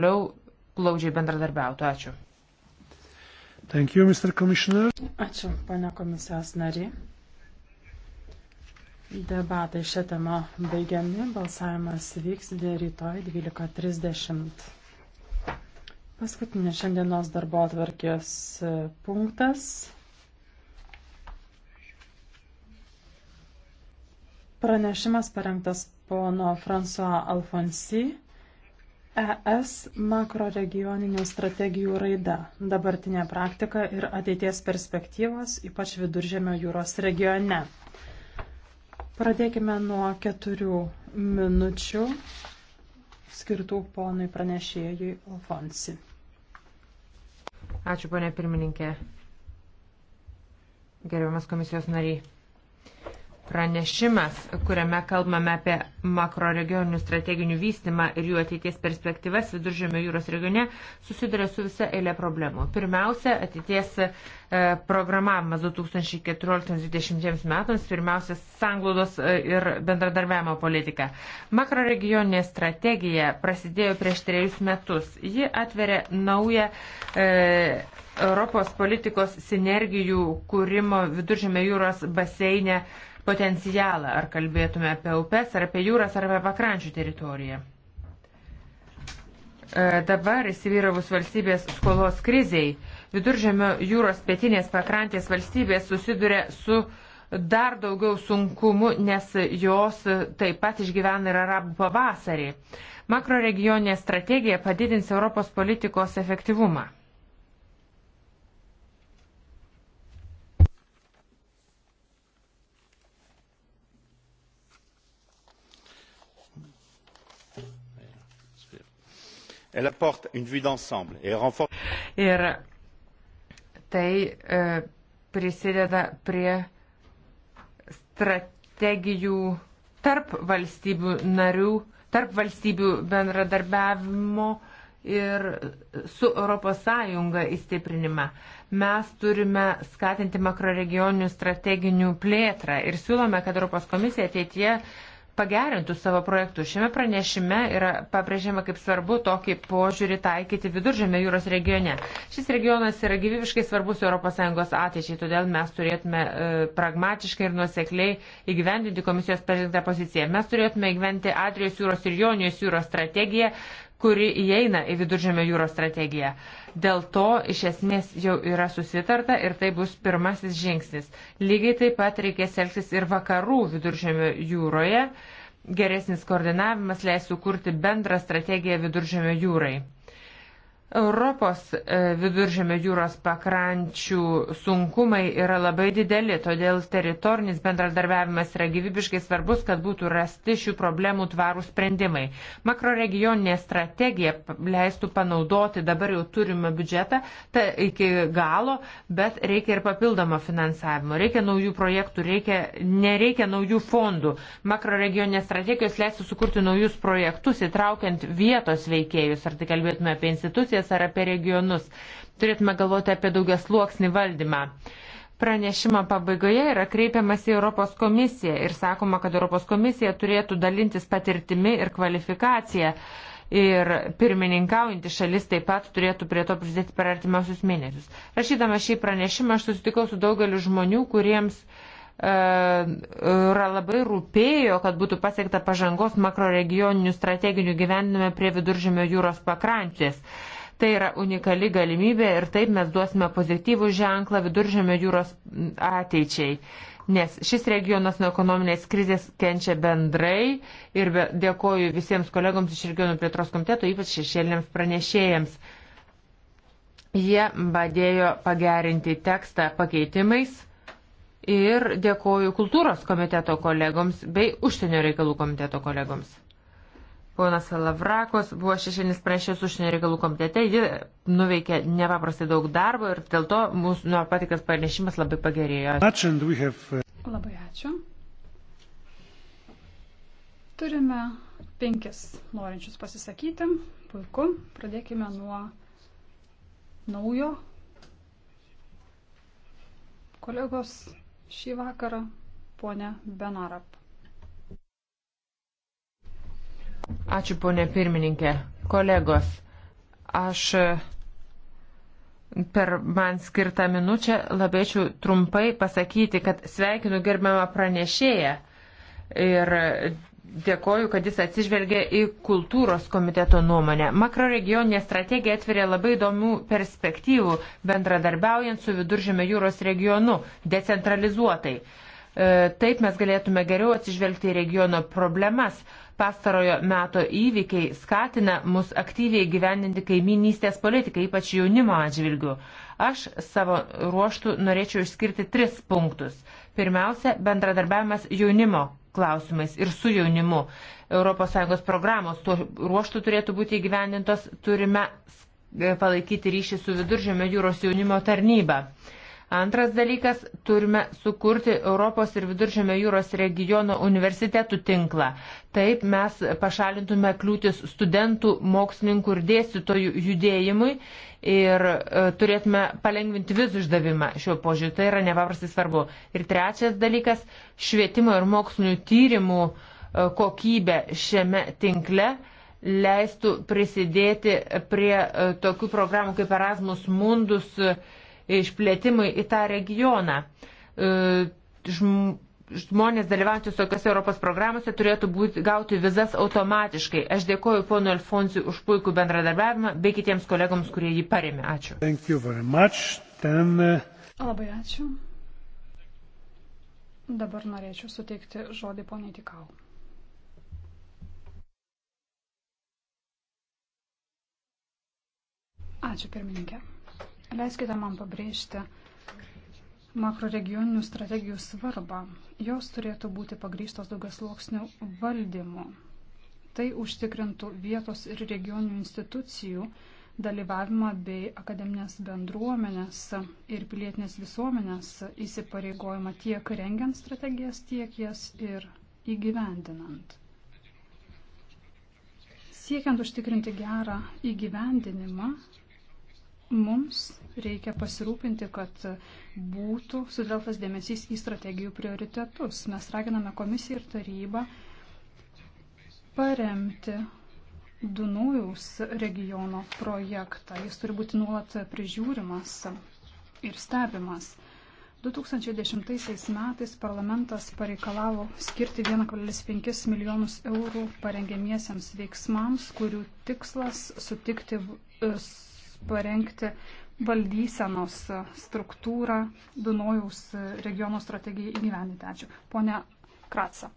toliau glaudžiai bendradarbiautų. Ačiū. Thank you, Mr. Commissioner. Ačiū, pane komisijos nariai. Debatai šią temą baigiami, balsavimas vyks rytoj 12.30. Paskutinis šiandienos darbo atvarkės e, punktas. Pranešimas parengtas pono François Alfonsi. ES makroregioninių strategijų raida - dabartinė praktika ir ateities perspektyvos, ypač viduržėmio jūros regione. Pradėkime nuo keturių minučių skirtų ponui pranešėjui Alfonsi. Ačiū, ponė pirmininkė. Gerbiamas komisijos nariai pranešimas, kuriame kalbame apie makroregioninių strateginių vystimą ir jų ateities perspektyvas viduržėmio jūros regione, susiduria su visa eilė problemų. Pirmiausia, ateities e, programavimas 2014-2020 metams, pirmiausia, sanglaudos e, ir bendradarbiavimo politika. Makroregioninė strategija prasidėjo prieš trejus metus. Ji atveria naują e, Europos politikos sinergijų kūrimo viduržėmio jūros baseinė potencialą, ar kalbėtume apie upes, ar apie jūras, ar apie pakrančių teritoriją. E, dabar įsivyravus valstybės skolos kriziai, viduržėmio jūros pietinės pakrantės valstybės susiduria su dar daugiau sunkumu, nes jos taip pat išgyvena ir arabų pavasarį. Makroregioninė strategija padidins Europos politikos efektyvumą. Elle apporte une vue d'ensemble et renforce. Ir tai e, prisideda prie strategijų tarp valstybių narių, tarp valstybių bendradarbiavimo ir su ES įstiprinimą. Mes turime skatinti makroregioninių strateginių plėtrą ir siūlome, kad ES komisija ateitie pagerintų savo projektų. Šiame pranešime yra pabrėžiama, kaip svarbu tokį požiūrį taikyti viduržėme jūros regione. Šis regionas yra gyvybiškai svarbus ES ateičiai, todėl mes turėtume e, pragmatiškai ir nuosekliai įgyvendinti komisijos prezidentą poziciją. Mes turėtume įgyvendinti Adrijos jūros ir Jonijos jūros strategiją, kuri įeina į viduržėmio jūros strategiją. Dėl to iš esmės jau yra susitarta ir tai bus pirmasis žingsnis. Lygiai taip pat reikės elgtis ir vakarų viduržėmio jūroje. Geresnis koordinavimas leis sukurti bendrą strategiją viduržėmio jūrai. Europos e, viduržėmio jūros pakrančių sunkumai yra labai dideli, todėl teritorinis bendradarbiavimas yra gyvybiškai svarbus, kad būtų rasti šių problemų tvarų sprendimai. Makroregioninė strategija leistų panaudoti dabar jau turimą biudžetą ta, iki galo, bet reikia ir papildomo finansavimo, reikia naujų projektų, reikia, nereikia naujų fondų. Makroregioninės strategijos leistų sukurti naujus projektus, įtraukiant vietos veikėjus, ar tai kalbėtume apie institucijas, valstybės ar apie regionus. Turėtume galvoti apie daugia sluoksnį valdymą. Pranešimo pabaigoje yra kreipiamas į Europos komisiją ir sakoma, kad Europos komisija turėtų dalintis patirtimi ir kvalifikacija. Ir pirmininkaujantį šalis taip pat turėtų prie to prisidėti per artimiausius mėnesius. Rašydama šį pranešimą aš susitikau su daugeliu žmonių, kuriems e, yra labai rūpėjo, kad būtų pasiekta pažangos makroregioninių strateginių gyvenime prie viduržėmio jūros pakrantės. Tai yra unikali galimybė ir taip mes duosime pozityvų ženklą viduržėmio jūros ateičiai. Nes šis regionas nuo ekonominės krizės kenčia bendrai ir be, dėkoju visiems kolegoms iš regionų plėtros komiteto, ypač šešėliniams pranešėjams. Jie padėjo pagerinti tekstą pakeitimais ir dėkoju kultūros komiteto kolegoms bei užsienio reikalų komiteto kolegoms. Ponas Lavrakos buvo šešėlis prašęs užsienio reikalų komitete, ji nuveikė nepaprastai daug darbo ir dėl to mūsų nuo patikas pranešimas labai pagerėjo. Uh, labai ačiū. Turime penkis norinčius pasisakyti. Puiku. Pradėkime nuo naujo kolegos šį vakarą, ponė Benarap. Ačiū, ponė pirmininkė. Kolegos, aš e, per man skirtą minučią labėčiau trumpai pasakyti, kad sveikinu gerbiamą pranešėją ir dėkoju, kad jis atsižvelgia į kultūros komiteto nuomonę. Makroregioninė strategija atveria labai įdomių perspektyvų bendradarbiaujant su viduržėme jūros regionu decentralizuotai. E, taip mes galėtume geriau atsižvelgti į regiono problemas. Pastarojo meto įvykiai skatina mus aktyviai gyveninti kaiminystės politiką, ypač jaunimo atžvilgių. Aš savo ruoštų norėčiau išskirti tris punktus. Pirmiausia, bendradarbiavimas jaunimo klausimais ir su jaunimu. ES programos tuo ruoštų turėtų būti įgyvendintos, turime e, palaikyti ryšį su viduržėmio jūros jaunimo tarnyba. Antras dalykas - turime sukurti Europos ir Viduržėmio jūros regiono universitetų tinklą. Taip mes pašalintume kliūtis studentų, mokslininkų ir dėstytojų judėjimui ir e, turėtume palengvinti vizų išdavimą šiuo požiūriu. Tai yra nepaprastai svarbu. Ir trečias dalykas - švietimo ir mokslinių tyrimų e, kokybė šiame tinkle leistų prisidėti prie e, tokių programų kaip Erasmus Mundus. E, išplėtimui į tą regioną. E, žmonės dalyvaujantis tokiuose Europos programuose turėtų būti, gauti vizas automatiškai. Aš dėkoju ponu Alfonsui už puikų bendradarbiavimą bei kitiems kolegoms, kurie jį paremė. Ačiū. Ten... E, Labai ačiū. Dabar norėčiau suteikti žodį poniai Tikau. Ačiū pirmininkė. Leiskite man pabrėžti makroregioninių strategijų svarbą. Jos turėtų būti pagrystos daugiasluoksnių valdymu. Tai užtikrintų vietos ir regioninių institucijų dalyvavimą bei akademinės bendruomenės ir pilietinės visuomenės įsipareigojimą tiek rengiant strategijas, tiek jas ir įgyvendinant. Siekiant užtikrinti gerą įgyvendinimą, Mums reikia pasirūpinti, kad būtų sudeltas dėmesys į strategijų prioritetus. Mes raginame komisiją ir tarybą paremti Dunojaus regiono projektą. Jis turi būti nuolat prižiūrimas ir stebimas. 2010 metais parlamentas pareikalavo skirti 1,5 milijonus eurų parengiamiesiams veiksmams, kurių tikslas sutikti, parengti valdysenos struktūrą Dunojaus regiono strategijai įgyvendinti. Ačiū. Pone Kratsa.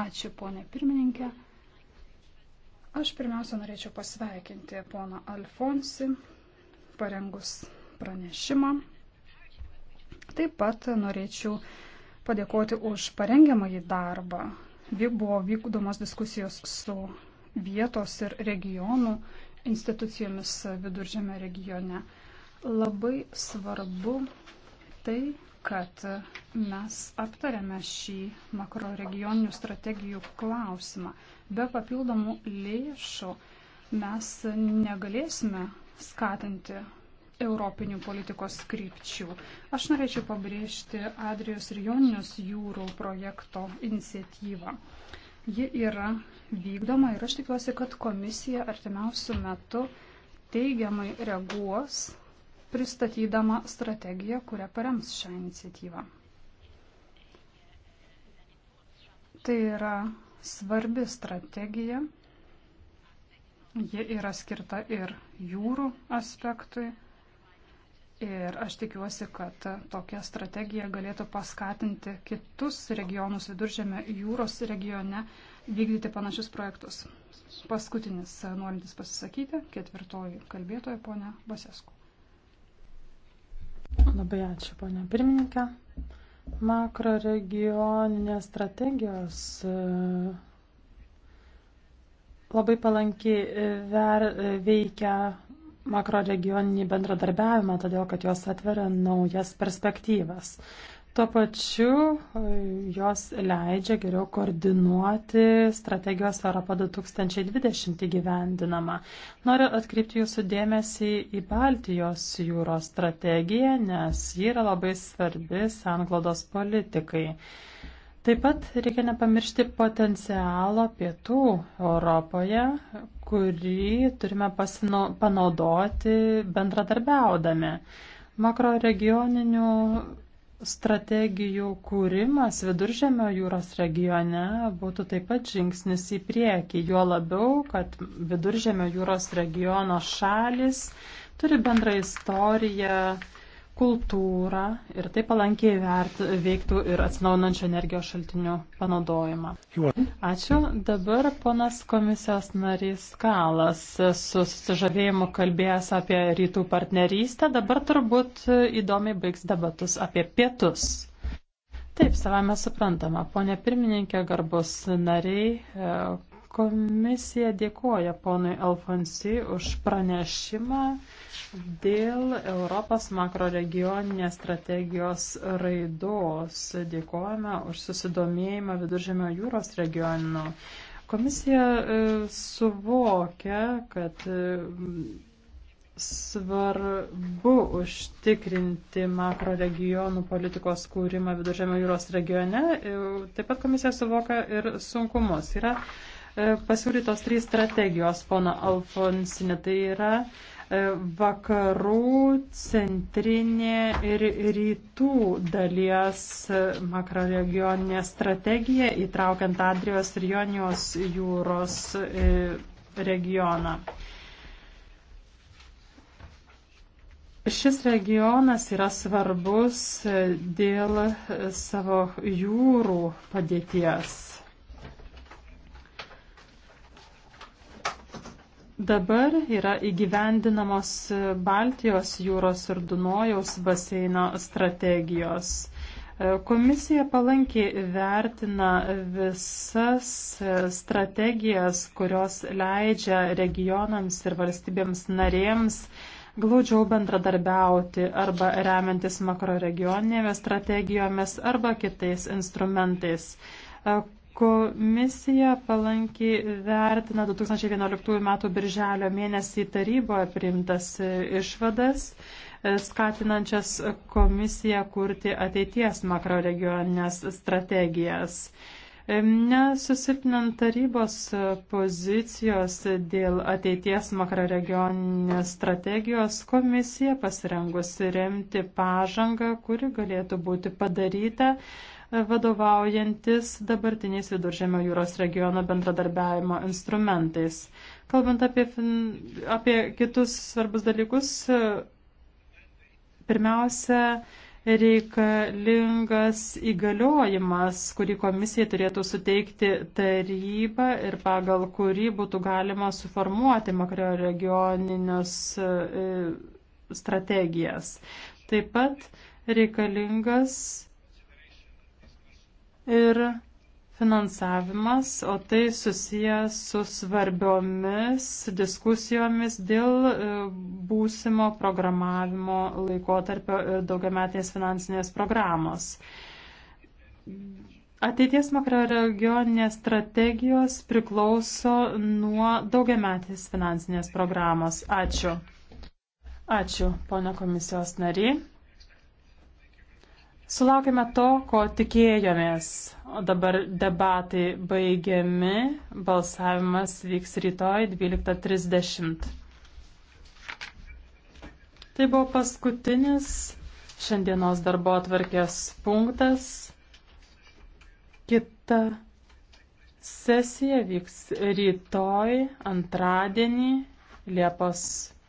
Ačiū, ponė pirmininkė. Aš pirmiausia norėčiau pasveikinti poną Alfonsi, parengus pranešimą. Taip pat norėčiau padėkoti už parengiamąjį darbą. Vyk buvo vykdomos diskusijos su vietos ir regionų institucijomis viduržėme regione. Labai svarbu tai, kad mes aptarėme šį makroregioninių strategijų klausimą. Be papildomų lėšų mes negalėsime skatinti europinių politikos krypčių. Aš norėčiau pabrėžti Adrijos ir Jonijos jūrų projekto iniciatyvą ji yra vykdoma ir aš tikiuosi, kad komisija artimiausių metų teigiamai reaguos, pristatydama strategiją, kurią parems šią iniciatyvą. Tai yra svarbi strategija. Ji yra skirta ir jūrų aspektui. Ir aš tikiuosi, kad tokia strategija galėtų paskatinti kitus regionus viduržėme jūros regione vykdyti panašius projektus. Paskutinis norintis pasisakyti, ketvirtoji kalbėtoja ponia Basesku. Labai ačiū, ponia pirmininkė. Makro regioninės strategijos e, labai palankiai veikia makroregioninį bendradarbiavimą, todėl kad jos atveria naujas perspektyvas. Tuo pačiu e, jos leidžia geriau koordinuoti strategijos Europa 2020 įgyvendinamą. Noriu atkreipti jūsų dėmesį į Baltijos jūros strategiją, nes ji yra labai svarbi sanglodos politikai. Taip pat reikia nepamiršti potencialo pietų Europoje, kurį turime pasino, panaudoti bendradarbiaudami. Makroregioninių strategijų kūrimas viduržėmio jūros regione būtų taip pat žingsnis į priekį, juo labiau, kad viduržėmio jūros regiono šalis turi bendrą istoriją, kultūrą ir tai palankiai vert, veiktų ir atsinaunančio energijos šaltinių panaudojimą. Ačiū. Dabar ponas komisijos narys Kalas su susižavėjimu kalbėjęs apie rytų partnerystę, dabar turbūt įdomiai baigs debatus apie pietus. Taip, savame suprantama, ponė pirmininkė, garbus nariai, Komisija dėkoja ponui Alfonsi už pranešimą dėl Europos makroregioninės strategijos raidos. Dėkojame už susidomėjimą Viduržėmio jūros regionų. Komisija e, suvokia, kad e, svarbu užtikrinti makroregionų politikos kūrimą Viduržėmio jūros regione. E, taip pat komisija suvokia ir sunkumus. Yra E, pasiūlytos trys strategijos, pono Alfonsinė, tai yra e, vakarų, centrinė ir rytų dalies e, makroregioninė strategija, įtraukiant Adrijos ir Jonijos jūros regioną. Šis regionas yra svarbus dėl savo jūrų padėties. Dabar yra įgyvendinamos Baltijos jūros ir Dunojaus baseino strategijos. Komisija palankiai vertina visas strategijas, kurios leidžia regionams ir valstybėms narėms glaudžiau bendradarbiauti arba remiantis makroregioninėmis strategijomis arba kitais instrumentais Komisija palankiai vertina 2011 m. birželio mėnesį taryboje priimtas išvadas, e, skatinančias komisiją kurti ateities makroregioninės strategijas. E, Nesusilpinant tarybos pozicijos dėl ateities makroregioninės strategijos, komisija pasirengusi remti pažangą, kuri galėtų būti padaryta vadovaujantis dabartiniais viduržėmio jūros regiono bendradarbiavimo instrumentais. Kalbant apie, apie kitus svarbus dalykus, pirmiausia, reikalingas įgaliojimas, kurį komisija turėtų suteikti taryba ir pagal kurį būtų galima suformuoti makroregioninius e, strategijas. Taip pat reikalingas ir finansavimas, o tai susiję su svarbiomis diskusijomis dėl e, būsimo programavimo laikotarpio ir daugiametės finansinės programos. Ateities makroregioninės strategijos priklauso nuo daugiametės finansinės programos. Ačiū. Ačiū, ponia komisijos nariai. Sulaukime to, ko tikėjomės. O dabar debatai baigiami. Balsavimas vyks rytoj 12.30. Tai buvo paskutinis šiandienos darbo atvarkės punktas. Kita sesija vyks rytoj, antradienį, Liepos